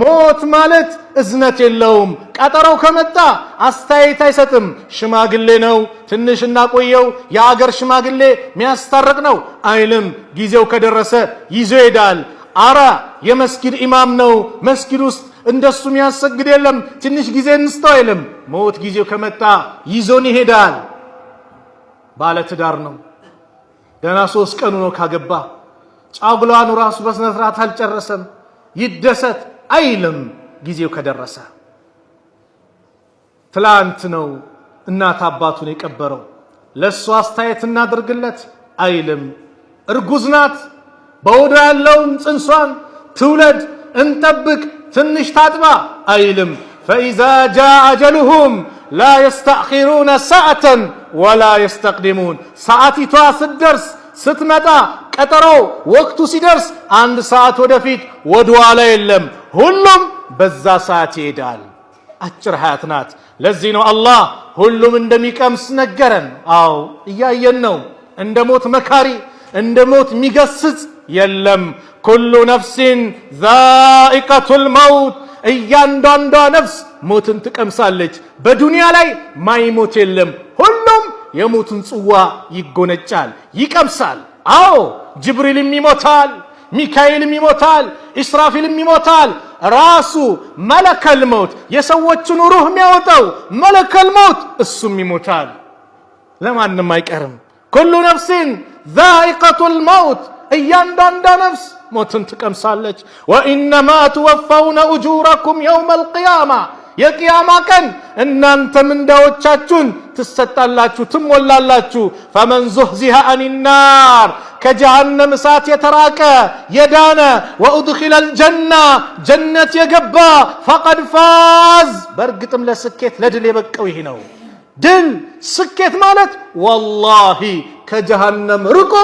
ሞት ማለት እዝነት የለውም። ቀጠረው ከመጣ አስተያየት አይሰጥም። ሽማግሌ ነው፣ ትንሽ እናቆየው፣ የአገር ሽማግሌ የሚያስታርቅ ነው አይልም። ጊዜው ከደረሰ ይዞ ይሄዳል። አረ የመስጊድ ኢማም ነው፣ መስጊድ ውስጥ እንደሱ የሚያሰግድ የለም፣ ትንሽ ጊዜ እንስጠው አይልም። ሞት ጊዜው ከመጣ ይዞን ይሄዳል። ባለትዳር ነው፣ ገና ሶስት ቀኑ ነው ካገባ። ጫጉላኑ ራሱ በስነስርዓት አልጨረሰም። ይደሰት አይልም። ጊዜው ከደረሰ ትላንት ነው እናት አባቱን የቀበረው ለእሱ አስተያየት እናድርግለት አይልም። እርጉዝ ናት። በውዶ ያለውን ጽንሷን ትውለድ፣ እንጠብቅ፣ ትንሽ ታጥባ አይልም። ፈኢዛ ጃ አጀሉሁም ላ የስተእኪሩነ ሰዓተን ወላ የስተቅድሙን ሰዓቲቷ ስደርስ! ስትመጣ ቀጠሮ ወቅቱ ሲደርስ አንድ ሰዓት ወደፊት ወደኋላ የለም። ሁሉም በዛ ሰዓት ይሄዳል። አጭር ሀያት ናት። ለዚህ ነው አላህ ሁሉም እንደሚቀምስ ነገረን። አዎ እያየን ነው። እንደ ሞት መካሪ እንደ ሞት የሚገስጽ የለም። ኩሉ ነፍሲን ዛኢቀቱል መውት፣ እያንዳንዷ ነፍስ ሞትን ትቀምሳለች። በዱንያ ላይ ማይሞት የለም። የሞቱን ጽዋ ይጎነጫል፣ ይቀምሳል። አዎ ጅብሪልም ይሞታል፣ ሚካኤልም ይሞታል፣ ኢስራፊልም ይሞታል። ራሱ መለከል ሞት የሰዎቹን ሩህ የሚያወጣው መለከል ሞት እሱም ይሞታል። ለማንም አይቀርም። ኩሉ ነፍሲን ዛኢቀቱል መውት እያንዳንዳ ነፍስ ሞትን ትቀምሳለች። ወኢነማ ትወፋውነ ኡጁረኩም የውመል ቂያማ የቅያማ ቀን እናንተ ምንዳዎቻችሁን ትሰጣላችሁ፣ ትሞላላችሁ። ፈመን ዙህዚሃ አኒናር ከጀሃነም እሳት የተራቀ የዳነ ወኡድኺለ ልጀና ጀነት የገባ ፈቀድ ፋዝ በእርግጥም ለስኬት ለድል የበቀው ይህ ነው። ድል ስኬት ማለት ወላሂ ከጀሃነም ርቆ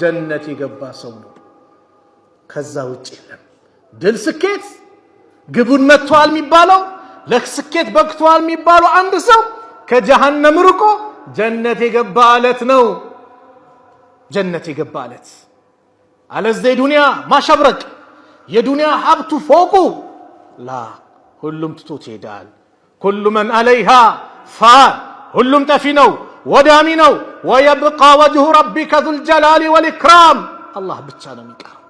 ጀነት የገባ ሰው ነው። ከዛ ውጭ የለም ድል ስኬት ግቡን መጥቷል የሚባለው ለስኬት በቅቷል የሚባሉ አንድ ሰው ከጀሃነም ርቆ ጀነት የገባ ዕለት ነው። ጀነት የገባ ዕለት አለዚ የዱንያ ማሸብረቅ የዱንያ ሀብቱ ፎቁ ላ ሁሉም ትቶት ይሄዳል። ኩሉ መን አለይሃ ፋን ሁሉም ጠፊ ነው፣ ወዳሚ ነው። ወየብቃ ወጅሁ ረቢከ ወል ኢክራም አላህ ብቻ ነው የሚቀረው።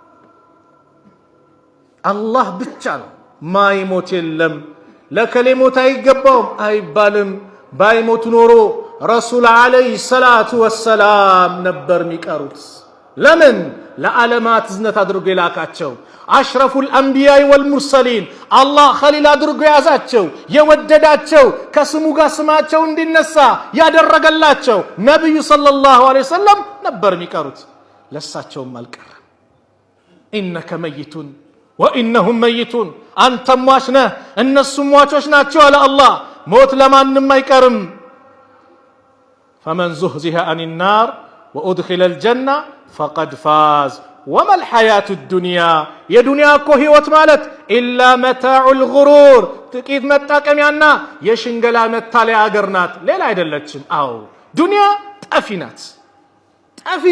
አላህ ብቻ ነው ማይሞት የለም። ለከሌ ሞት አይገባውም አይባልም። ባይሞት ኖሮ ረሱል ዓለይ ሰላቱ ወሰላም ነበር የሚቀሩት። ለምን ለዓለማት እዝነት አድርጎ የላካቸው አሽረፉል አንቢያይ ወልሙርሰሊን አላህ ኸሊል አድርጎ የያዛቸው የወደዳቸው ከስሙ ጋር ስማቸው እንዲነሳ ያደረገላቸው ነቢዩ ሰለላሁ ዐለይሂ ወሰለም ነበር የሚቀሩት። ለሳቸውም አልቀረም። ኢነከ መይቱን ወኢነሁም መይቱን አንተም ሟች ነህ፣ እነሱም ሟቾች ናቸው አለ አላህ። ሞት ለማንም አይቀርም። ፈመን ዙህዚሀ አን ናር ወኡድኪለ ልጀና ፈቀድ ፋዝ። ወመል ሐያቱ ዱንያ የዱንያ እኮ ህይወት ማለት ኢላ መታዑል ጉሩር ጥቂት መጣቀሚያና የሽንገላ መታለያ አገር ናት፣ ሌላ አይደለችም። አዎ ዱንያ ጠፊ ናት፣ ጠፊ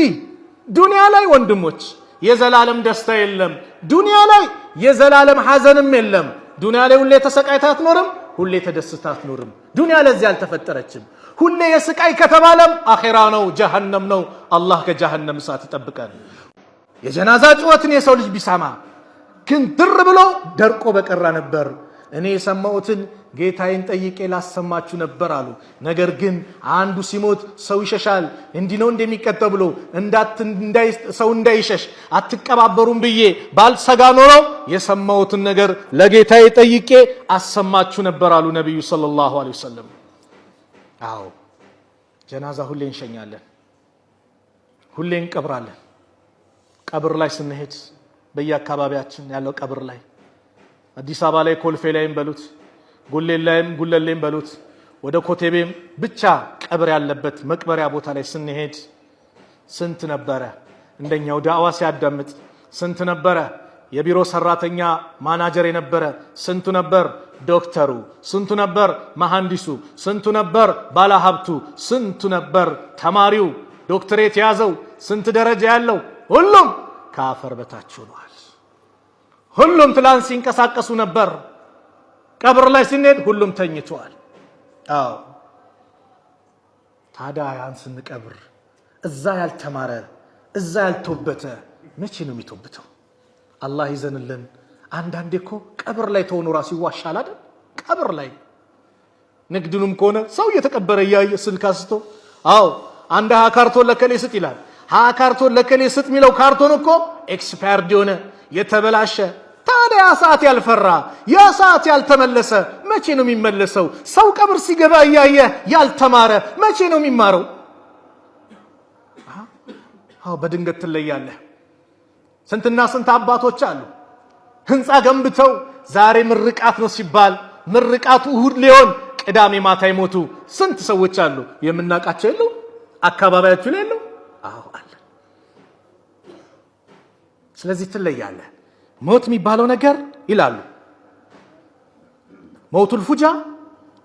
ዱንያ ላይ ወንድሞች የዘላለም ደስታ የለም። ዱንያ ላይ የዘላለም ሐዘንም የለም። ዱንያ ላይ ሁሌ ተሰቃይታ አትኖርም፣ ሁሌ ተደስታ አትኖርም። ዱንያ ለዚህ አልተፈጠረችም። ሁሌ የስቃይ ከተባለም አኼራ ነው፣ ጀሃነም ነው። አላህ ከጀሃነም እሳት ይጠብቀን። የጀናዛ ጩኸትን የሰው ልጅ ቢሰማ ክንትር ብሎ ደርቆ በቀራ ነበር። እኔ የሰማሁትን ጌታዬን ጠይቄ ላሰማችሁ ነበር አሉ። ነገር ግን አንዱ ሲሞት ሰው ይሸሻል። እንዲህ ነው እንደሚቀጠው ብሎ ሰው እንዳይሸሽ አትቀባበሩም ብዬ ባልሰጋ ኖሮ የሰማሁትን ነገር ለጌታዬ ጠይቄ አሰማችሁ ነበር አሉ ነቢዩ ሰለላሁ ዐለይሂ ወሰለም። አዎ ጀናዛ ሁሌ እንሸኛለን፣ ሁሌ እንቀብራለን። ቀብር ላይ ስንሄድ በየአካባቢያችን ያለው ቀብር ላይ አዲስ አበባ ላይ ኮልፌ ላይም በሉት ጉሌን ላይም ጉለሌም በሉት ወደ ኮቴቤም ብቻ ቀብር ያለበት መቅበሪያ ቦታ ላይ ስንሄድ ስንት ነበረ እንደኛው ዳዕዋ ሲያዳምጥ ስንት ነበረ የቢሮ ሰራተኛ ማናጀር የነበረ ስንቱ ነበር ዶክተሩ ስንቱ ነበር መሐንዲሱ ስንቱ ነበር ባለሀብቱ ስንቱ ነበር ተማሪው ዶክተሬት የያዘው ስንት ደረጃ ያለው ሁሉም ከአፈር በታች ሆኗል ሁሉም ትላንት ሲንቀሳቀሱ ነበር። ቀብር ላይ ስንሄድ ሁሉም ተኝተዋል። አዎ ታዲያ ያን ስንቀብር እዛ ያልተማረ እዛ ያልተወበተ መቼ ነው የሚተወብተው? አላህ ይዘንልን። አንዳንዴ እኮ ቀብር ላይ ተሆኖ ራሱ ይዋሻል አይደል? ቀብር ላይ ንግድንም ከሆነ ሰው እየተቀበረ እያየ ስልክ አስቶ አዎ አንድ ሀያ ካርቶን ለከሌ ስጥ ይላል። ሀያ ካርቶን ለከሌ ስጥ የሚለው ካርቶን እኮ ኤክስፓየርድ የሆነ የተበላሸ ታዲያ ሰዓት ያልፈራ ያ ሰዓት ያልተመለሰ መቼ ነው የሚመለሰው? ሰው ቀብር ሲገባ እያየ ያልተማረ መቼ ነው የሚማረው? አዎ በድንገት ትለያለህ። ስንትና ስንት አባቶች አሉ ህንፃ ገንብተው ዛሬ ምርቃት ነው ሲባል ምርቃቱ እሁድ ሊሆን ቅዳሜ ማታ ይሞቱ ስንት ሰዎች አሉ። የምናውቃቸው የለው አካባቢያችሁ ላይ የለው? አዎ አለ። ስለዚህ ትለያለህ። ሞት የሚባለው ነገር ይላሉ ሞቱል ፉጃ፣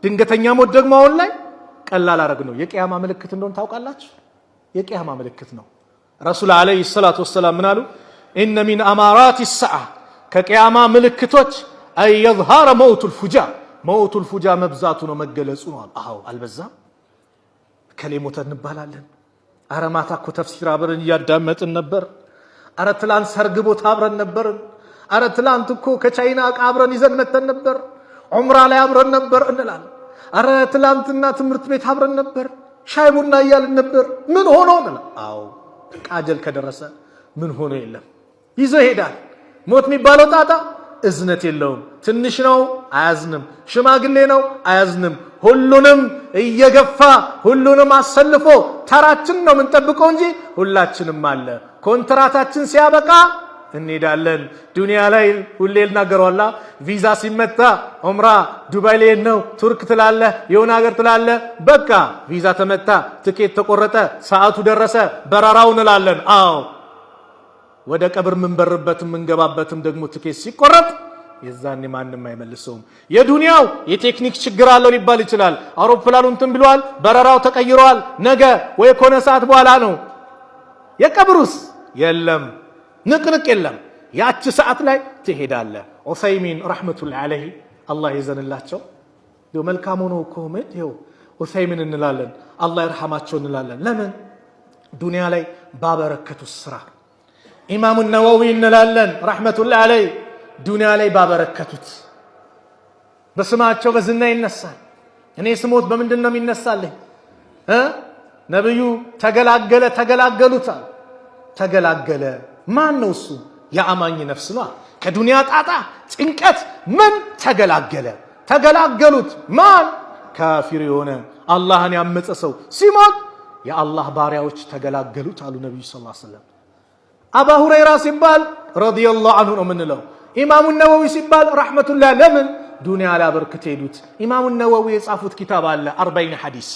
ድንገተኛ ሞት ደግሞ አሁን ላይ ቀላል አረግ ነው። የቅያማ ምልክት እንደሆን ታውቃላችሁ። የቅያማ ምልክት ነው። ረሱል ዓለይሂ ሰላቱ ወሰላም ምን አሉ? ኢነ ሚን አማራት ሰዓ ከቅያማ ምልክቶች አይ የዝሃረ መውቱል ፉጃ መውቱል ፉጃ መብዛቱ ነው መገለጹ ነው። አዎ አልበዛም። ከሌ ሞተ እንባላለን። አረማታ ማታ እኮ ተፍሲር አብረን እያዳመጥን ነበር። አረ ትላንት ሰርግ ቦታ አብረን ነበርን። አረ ትላንት እኮ ከቻይና ዕቃ አብረን ይዘን መተን ነበር። ዑምራ ላይ አብረን ነበር እንላለን። አረ ትላንትና ትምህርት ቤት አብረን ነበር፣ ሻይ ቡና እያልን ነበር። ምን ሆኖ እንላለን። አዎ ቃጀል ከደረሰ ምን ሆኖ የለም ይዞ ይሄዳል። ሞት የሚባለው ጣጣ እዝነት የለውም። ትንሽ ነው አያዝንም፣ ሽማግሌ ነው አያዝንም። ሁሉንም እየገፋ ሁሉንም አሰልፎ ተራችን ነው የምንጠብቀው እንጂ ሁላችንም አለ ኮንትራታችን ሲያበቃ እንሄዳለን። ዱንያ ላይ ሁሌ ልናገረዋላ ቪዛ ሲመታ ዑምራ ዱባይ ልሄድ ነው፣ ቱርክ ትላለህ፣ የሆነ ሀገር ትላለህ። በቃ ቪዛ ተመታ፣ ትኬት ተቆረጠ፣ ሰዓቱ ደረሰ፣ በረራው እንላለን። አዎ ወደ ቀብር ምንበርበትም ምንገባበትም ደግሞ ትኬት ሲቆረጥ የዛኔ ማንም አይመልሰውም። የዱንያው የቴክኒክ ችግር አለው ሊባል ይችላል። አውሮፕላኑ እንትን ብሏል፣ በረራው ተቀይሯል፣ ነገ ወይ ከሆነ ሰዓት በኋላ ነው። የቀብሩስ የለም፣ ንቅንቅ የለም። ያች ሰዓት ላይ ትሄዳለህ። ዑሰይሚን ረሕመቱላ ዓለይህ አላህ ይዘንላቸው። መልካም ሆኖ ከሆመድ ይኸው ዑሰይሚን እንላለን፣ አላህ ይርሐማቸው እንላለን። ለምን ዱንያ ላይ ባበረከቱት ስራ። ኢማሙ ነወዊ እንላለን ረሕመቱላ ዓለይህ ዱንያ ላይ ባበረከቱት በስማቸው በዝና ይነሳል። እኔ ስሞት በምንድን ነው የሚነሳልኝ? ነብዩ ተገላገለ ተገላገሉታል ተገላገለ። ማን ነው እሱ? የአማኝ ነፍስ ነው። ከዱንያ ጣጣ፣ ጭንቀት ምን ተገላገለ። ተገላገሉት ማን? ካፊር የሆነ አላህን ያመፀ ሰው ሲሞት የአላህ ባሪያዎች ተገላገሉት አሉ ነቢዩ ስ ዐለይሂ አባ ሁረይራ ሲባል ረዲየላሁ አንሁ ነው የምንለው። ኢማሙ ነወዊ ሲባል ረሕመቱላ ለምን ዱንያ ላበርክት ሄዱት። ኢማሙ ነወዊ የጻፉት ኪታብ አለ አርባይን ሐዲስ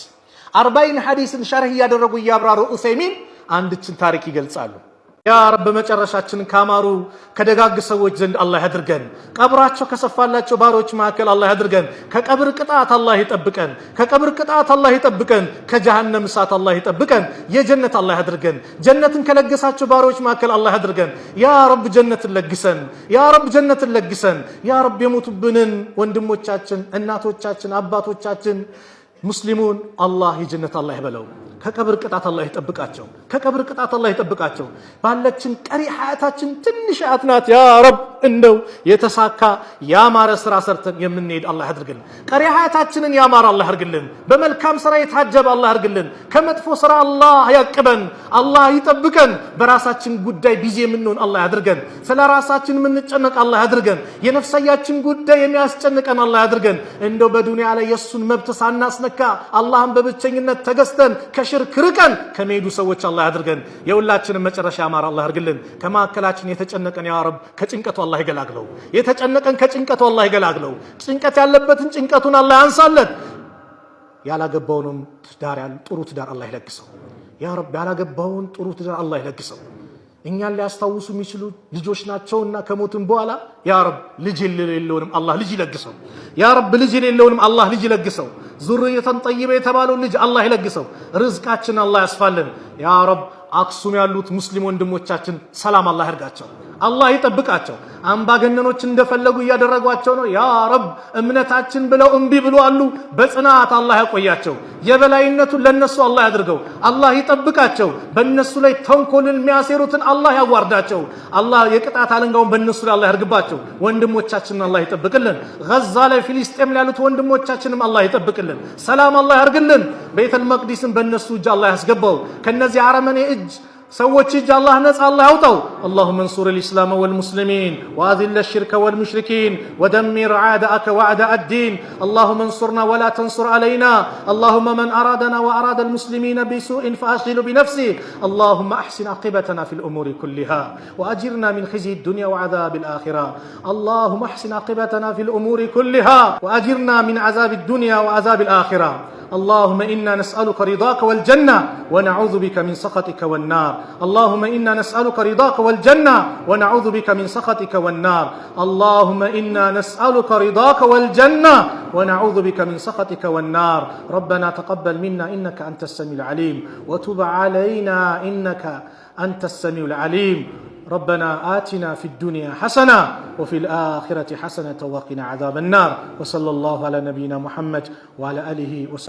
አርባይን ሐዲስን ሸርህ እያደረጉ እያብራሩ ዑሰይሚን አንድችን ታሪክ ይገልጻሉ። ያ ረብ መጨረሻችንን ካማሩ ከደጋግ ሰዎች ዘንድ አላህ ያድርገን። ቀብራቸው ከሰፋላቸው ባሮች መካከል አላህ ያድርገን። ከቀብር ቅጣት አላህ ይጠብቀን። ከቀብር ቅጣት አላህ ይጠብቀን። ከጀሃነም እሳት አላህ ይጠብቀን። የጀነት አላህ ያድርገን። ጀነትን ከለገሳቸው ባሮች መካከል አላህ ያድርገን። ያ ረብ ጀነትን ለግሰን። ያ ረብ ጀነትን ለግሰን። ያ ረብ የሞቱብንን ወንድሞቻችን፣ እናቶቻችን፣ አባቶቻችን ሙስሊሙን አላህ የጀነት አላህ ይበለው። ከቀብር ቅጣት አላህ ይጠብቃቸው። ከቀብር ቅጣት አላህ ይጠብቃቸው። ባለችን ቀሪ ሀያታችን ትንሽ ሀያት ናት። ያ ረብ እንደው የተሳካ ያማረ ስራ ሰርተን የምንሄድ አላህ ያድርግልን። ቀሪ ሀያታችንን ያማረ አላህ ያድርግልን። በመልካም ስራ የታጀበ አላህ ያድርግልን። ከመጥፎ ስራ አላህ ያቅበን፣ አላህ ይጠብቀን። በራሳችን ጉዳይ ቢዚ የምንሆን አላህ ያድርገን። ስለ ራሳችን የምንጨነቅ አላህ ያድርገን። የነፍሳያችን ጉዳይ የሚያስጨንቀን አላህ ያድርገን። እንደው በዱንያ ላይ የእሱን መብት ሳናስነካ አላህን በብቸኝነት ተገዝተን ከሽርክ ርቀን ከሚሄዱ ሰዎች አላህ ያድርገን። የሁላችንም መጨረሻ ያማረ አላህ ያርግልን። ከመካከላችን የተጨነቀን ያ ረብ ከጭንቀቱ አላህ ይገላግለው። የተጨነቀን ከጭንቀቱ አላህ ይገላግለው። ጭንቀት ያለበትን ጭንቀቱን አላህ ያንሳለት። ያላገባውንም ትዳር ጥሩ ትዳር አላህ ይለግሰው። ያ ረብ ያላገባውን ጥሩ ትዳር አላህ ይለግሰው። እኛን ሊያስታውሱ የሚችሉ ልጆች ናቸውና ከሞትም በኋላ ያ ረብ ልጅ የሌለውንም አላህ ልጅ ይለግሰው። ያ ረብ ልጅ የሌለውንም አላህ ልጅ ይለግሰው። ዙርየተን ጠይበ የተባለውን ልጅ አላህ ይለግሰው። ርዝቃችን አላህ ያስፋልን። ያ ረብ አክሱም ያሉት ሙስሊም ወንድሞቻችን ሰላም አላህ ያርጋቸው። አላህ ይጠብቃቸው። አምባገነኖች እንደፈለጉ እያደረጓቸው ነው። ያ ረብ እምነታችን ብለው እምቢ ብሎ አሉ። በጽናት አላህ ያቆያቸው። የበላይነቱን ለነሱ አላህ ያድርገው። አላህ ይጠብቃቸው። በነሱ ላይ ተንኮልን የሚያሴሩትን አላህ ያዋርዳቸው። አላህ የቅጣት አለንጋውን በነሱ ላይ አላህ ያርግባቸው። ወንድሞቻችንን አላህ ይጠብቅልን። ገዛ ላይ ፊሊስጤም ያሉት ወንድሞቻችንም አላህ ይጠብቅልን። ሰላም አላህ ያርግልን። ቤተል መቅዲስን በነሱ እጅ አላህ ያስገባው ከነዚህ አረመኔ እጅ سوتش جل الله نس الله عطوا اللهم انصر الإسلام والمسلمين وأذل الشرك والمشركين ودمر عادك وعداء الدين اللهم انصرنا ولا تنصر علينا اللهم من أرادنا وأراد المسلمين بسوء فأشغل بنفسه اللهم أحسن عقبتنا في الأمور كلها وأجرنا من خزي الدنيا وعذاب الآخرة اللهم أحسن عقبتنا في الأمور كلها وأجرنا من عذاب الدنيا وعذاب الآخرة اللهم انا نسالك رضاك والجنه ونعوذ بك من سخطك والنار اللهم انا نسالك رضاك والجنه ونعوذ بك من سخطك والنار اللهم انا نسالك رضاك والجنه ونعوذ بك من سخطك والنار ربنا تقبل منا انك انت السميع العليم وتب علينا انك انت السميع العليم ربنا آتنا في الدنيا حسنة وفي الآخرة حسنة وقنا عذاب النار وصلى الله على نبينا محمد وعلى آله وسلم